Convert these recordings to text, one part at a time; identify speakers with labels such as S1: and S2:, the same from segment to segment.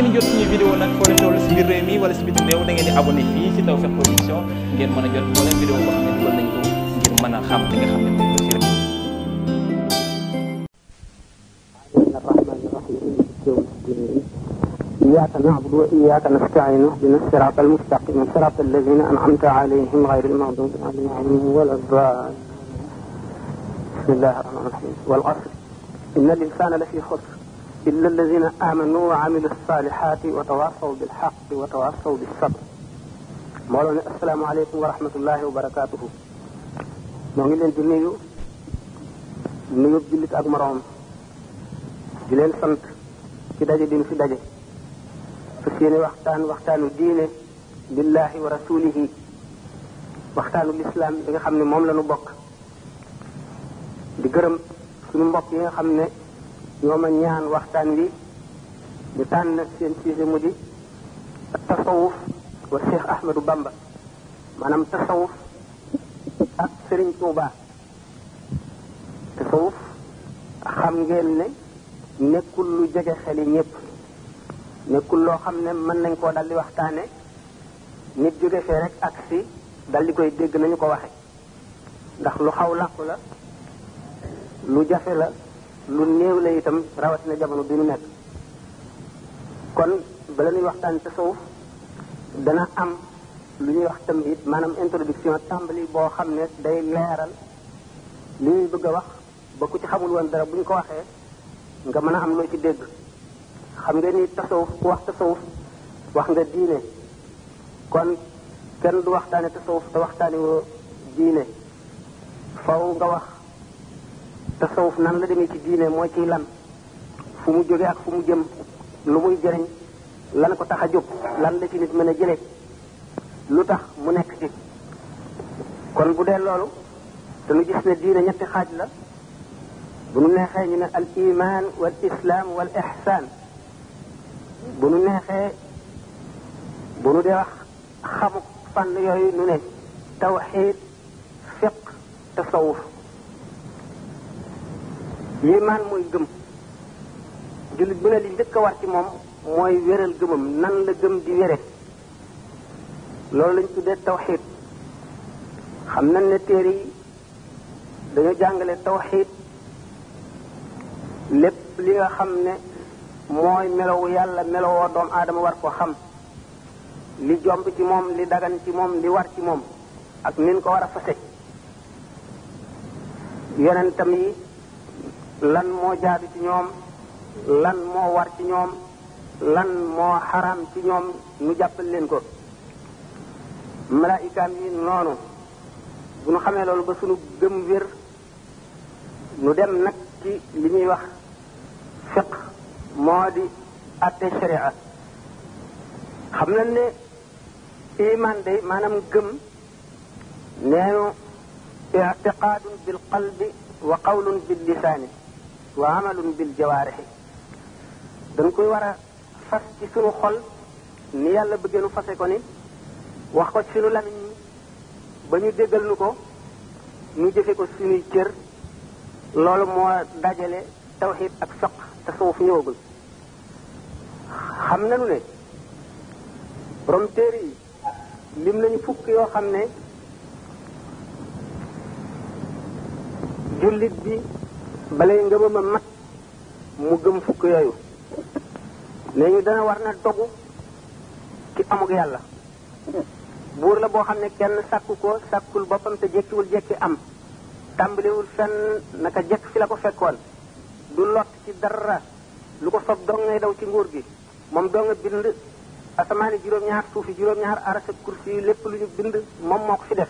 S1: ngeen jot suñu vidéo nag foo leen toll si biir réew mi wala si biti réew da ngeen di abonné fii si Tawfekh Production ngeen mën a jot moo leen vidéo boo xam ne dugal nañ ko ngir mën a xam li nga xam ne moom la rek. إياك نعبد وإياك نستعين اهدنا الصراط المستقيم صراط الذين أنعمت عليهم غير المغضوب عليهم ولا الضالين بسم الله الرحمن الرحيم والعصر إن الإنسان لفي خسر illa alladina amanu wa amilu salihati wa tawasaw bilxaqi wa tawasaw bisabr mbooloo ne asalaamaaleykum wa rahmatullahi wa barakatuhu moo ngi leen di nuyu nuyu jullit ak moroom di leen sant ci daje di ñu fi daje fas yéene waxtaan waxtaanu diine lillahi wa rasulihi waxtaanu lislaam bi nga xam ne moom la ñu bokk di gërëm suñu mbokk yi nga xam ne ñoo ma ñaan waxtaan wi ñu tànn seen siise mu di tasawuf wa Cheikh Ahmadou Bamba maanaam tasawuf ak Serigne Touba tasawuf xam ngeen ne nekkul lu jege yi ñëpp nekkul loo xam ne mën nañ koo daldi waxtaane nit jóge fee rek ak si daldi koy dégg nañu ko waxe ndax lu xaw làqu la lu jafe la lu néew la itam rawatina jamono bi ñu nekk kon bala ñuy waxtaan tasawuf dana am lu ñuy wax tamhid maanaam introduction tàmbali boo xam ne day leeral li ñuy bëgg a wax ba ku ci xamul woon dara bu ñu ko waxee nga mën a am loo ci dégg xam nga ni tasawuf ku wax tasawuf wax nga diine kon kenn du waxtaane tasawuf te waxtaane woo diine faw nga wax tasawuf nan la demee ci diine mooy ciy lan fu mu jóge ak fu mu jëm lu muy jëriñ lan ko tax a jóg lan la ci nit mën a jëlee lu tax mu nekk ci kon bu dee loolu te nu gis ne diine ñetti xaaj la bu nu neexee ñu ne al wa wal wa wal ihsan bu nu neexee bu nu dee wax xamuk fànn yooyu nu ne tawxid fiq tasawuf limaan mooy gëm jullit bu ne li njëkk a war ci moom mooy wéral gëmam nan la gëm di wére loolu lañ tuddee tawxiid xam nañ ne téere yi dañu jàngale tawxiit lépp li nga xam ne mooy melow yàlla melowoo doom aadama war ko xam li jomb ci moom li dagan ci moom li war ci moom ak nin ko war a fase yonentam yi lan moo jaadu ci ñoom lan moo war ci ñoom lan moo xaram ci ñoom nu jàppal leen ko malaayikaam yi noonu bu nu xamee loolu ba sunu gëm wér nu dem nag ci li ñuy wax fiq moo di atte sharia xam nañ ne iman day maanaam gëm neenu itiqaadun bil qalbi wa qawlun bil lisaani wa amalun bil jawaarixi dañ koy war a fas ci sunu xol ni yàlla bëggee nu fase ko ni wax ko sunu lamiñ ñi ba ñu déggal nu ko ñu jëfe ko suñuy cër loolu moo dajale tawxiid ak soq tasawuf ñëwagul xam nañu ne borom yi lim nañu fukk yoo xam ne jullit bi balay ngëmam a mat mu gëm fukk yooyu nee ñu dana war na dogu ci amuk yàlla buur la boo xam ne kenn sàkku ko sàkkul boppam te jekkiwul jekki am tàmbaliwul fenn naka jekk fi la ko fekkoon du lott ci dara lu ko soog dong ngay daw ci nguur gi moom doo nga bind asamaani juróom-ñaar suufi juróom-ñaar arasa kursi yi lépp lu ñu bind moom moo ko fi def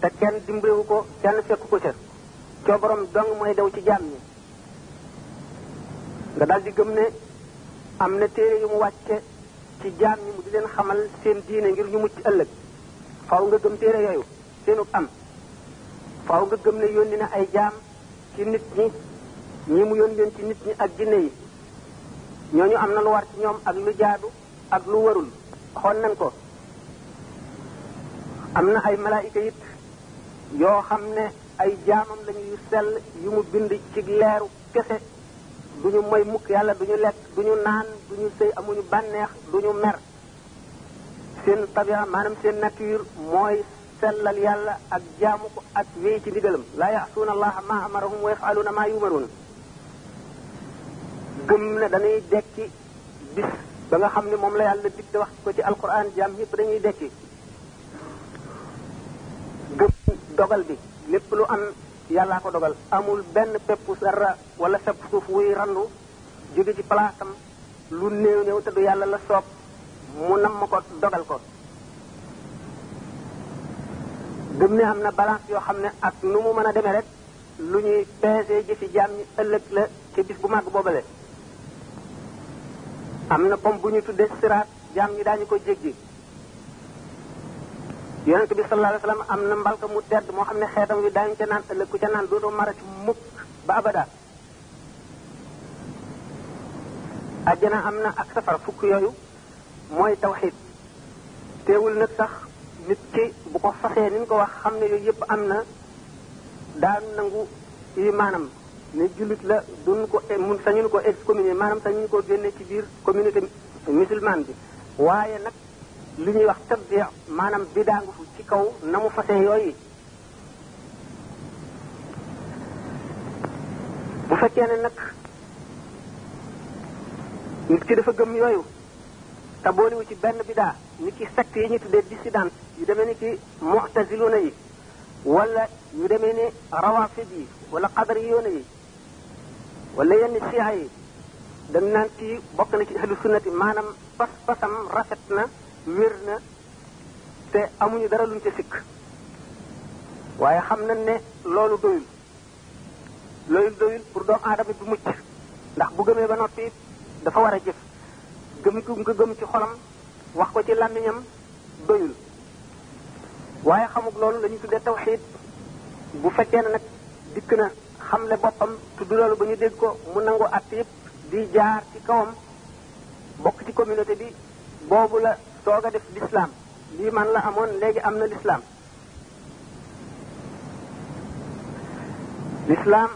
S1: te kenn dimbalewu ko kenn fekku ko ca coo borom dong mooy daw ci jaam ñi nga daal gëm ne am na téere yu mu wàcce ci jaam ñi mu di leen xamal seen diine ngir ñu mucc ëllëg faaw nga gëm téere yooyu seenug am faaw nga gëm ne yónni na ay jaam ci nit ñi ñii mu yónni leen ci nit ñi ak jinne yi ñooñu am na lu war ci ñoom ak lu jaadu ak lu warul xool nañ ko am na ay malaayika it yoo xam ne ay jaamam lañuy yu sell yu mu bind ci leeru kese duñu moy mukk yàlla duñu lekk ñu naan ñu sëy amuñu bànneex duñu mer seen tabia maanaam seen nature mooy sellal yàlla ak jaamu ko ak wéy ci ndigalam laa yaasuuna allaha ma amarahum wa yafaluuna maa yumaruun gëm ne dañuy dekki bis ba nga xam ne moom la yàlla dig te wax ko ci alquran jaam yëpp dañuy dekki gëm dogal bi lépp lu am yàllaa ko dogal amul benn peppu sarra wala sab suuf wuy randu jóge ci palaasam lu néew néew te du yàlla la soob mu namm ko dogal ko gëm ne am na balance yoo xam ne ak nu mu mën a demee rek lu ñuy peese jëfi jaam ñi ëllëg la ci bis bu màgg boobale am na pom bu ñu tuddee siraat jaam ñi daañu ko jéggi yonent bi sallallahu alayhi am na mbalka mu tedd moo xam ne xeetam wi daañu ca naan ëllëg ku ca naan dootoo marati mukk ba abada àjjana am na ak safara fukk yooyu mooy tawxid teewul nag sax nit ki bu ko fasee ni ko wax xam ne yooyu yëpp am na daan nangu imaanam ne jullit la duñ ko e, mun sañuñ ko excommunier maanaam sañuñ ko génne ci biir communauté musulmane bi waaye nag li ñuy wax tabbi maanaam bidaangu fu ci kaw na mu fase yooyu bu fekkee ne nag nit ki dafa gëm yooyu te boolewu ci benn biddaa ni ki secte yi ñu tuddee dissidence yu demee ni ki mu'taziluna yi wala yu demee ni rawafid yi wala qadariyuna yi wala yenn siya yi dañ naan kii bokk na ci ahlu sunnati maanaam pas pasam rafet na wér na te amuñu dara luñ ci sikk waaye xam nañ ne loolu doyul loolu doyul pour doomu aadama bi mucc ndax bu gëmee ba noppi dafa war a jëf gëm ku nga gëm ci xolam wax ko ci làmmiñam doyul waaye xamuk loolu lañu ñu tuddee bu fekkee ne nag dikk na xam ne boppam tudd loolu ba ñu dégg ko mu nangu at yëpp di jaar ci kawam bokk ci communauté bi boobu la soog a def lislaam lii man la amoon léegi am na lislaam lislaam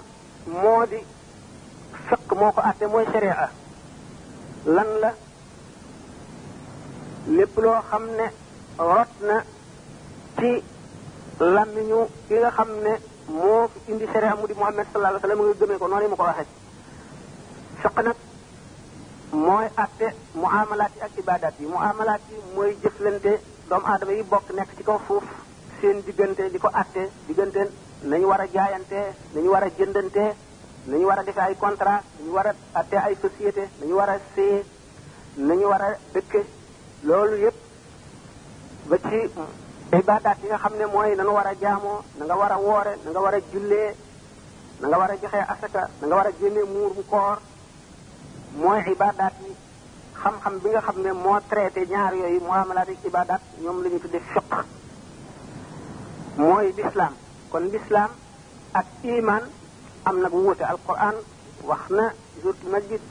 S1: moo di fekk moo ko àtte mooy sharia lan la lépp loo xam ne rot na ci làmmiñu ki nga xam ne moo fi indi sharia mu di Muhammad sallallahu alayhi wa sallam nga gëmee ko noonu mu ko waxee fekk nag mooy atte mu yi ak ibadat yi muamalaat yi mooy jëflante doomu aadama yi bokk nekk ci kaw suuf seen diggante di ko atte diggante nañu war a jaayante nañu war a jëndante nañu war a defee ay contrat nañu war a atte ay société nañu war a séye nañu war a dëkke loolu yépp ba ci ibadat yi nga xam ne mooy nanu war a jaamoo na nga war a woore na nga war a jullee na nga war a joxe asaka na nga war a génne muur mu koor mooy ibaadaat yi xam-xam bi nga xam ne moo traité ñaar yooyu muamalaat ak ibaadaat ñoom lañu ñu tudde fiq mooy lislaam kon lislaam ak iman am nag wuute alquran wax na suuratu masjid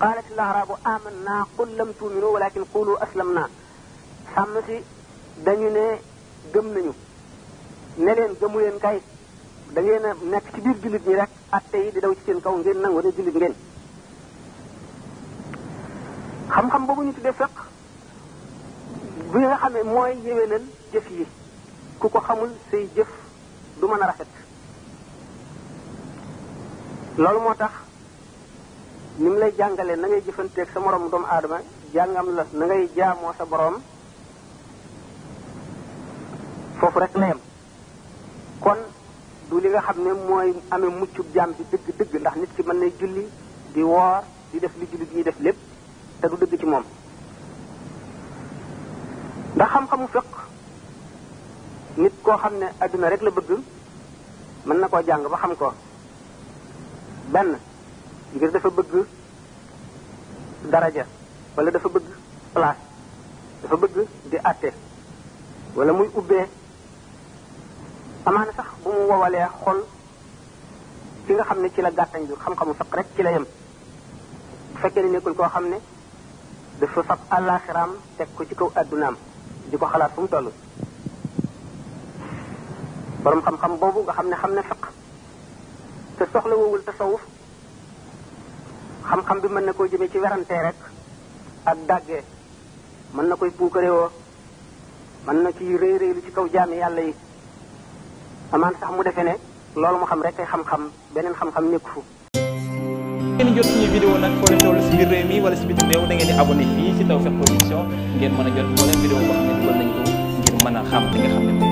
S1: qaalat al arabu amanna qul lam tuminu walakin qulu aslamna sàmm si dañu ne gëm nañu ne leen gëmu leen kay da ngeen a nekk ci biir jullit ñi rek atte yi di daw ci seen kaw ngeen nangu ne jullit ngeen xam-xam boobu ñu tuddee fekk bi nga xamee mooy yéwénal jëf yi ku ko xamul say jëf du mën a rafet loolu moo tax ni mu lay jàngale na ngay jëfanteeg sa moroom doomu aadama jàngam la na ngay jaamoo sa boroom foofu rek la kon du li nga xam ne mooy amee muccub jaam bi dëgg dëgg ndax nit ci mën na julli di woor di def li julli bi ñuy def lépp te du dëgg ci moom ndax xam-xamu fiq nit koo xam ne àdduna rek la bëgg mën na koo jàng ba xam ko benn ngir dafa bëgg daraja wala dafa bëgg place dafa bëgg di àtte wala muy ubbee amaana sax bu mu wowalee xol ci nga xam ne ci la gàttañ ju xam-xamu fiq rek ci la yem bu fekkee ne nekkul koo xam ne dafa fab àllaaxiraam teg ko ci kaw àddunaam di ko xalaat fu mu toll borom xam-xam boobu nga xam ne xam ne fiq te soxla woowul tasawuf xam-xam bi mën na koo jëmee ci werantee rek ak dàggee mën na koy puukarewoo mën na ci rëy lu ci kaw jaami yàlla yi amaan sax mu defee ne loolu mu xam rek ay xam-xam beneen xam-xam nekku fu ngeen jot mi wala si ne xam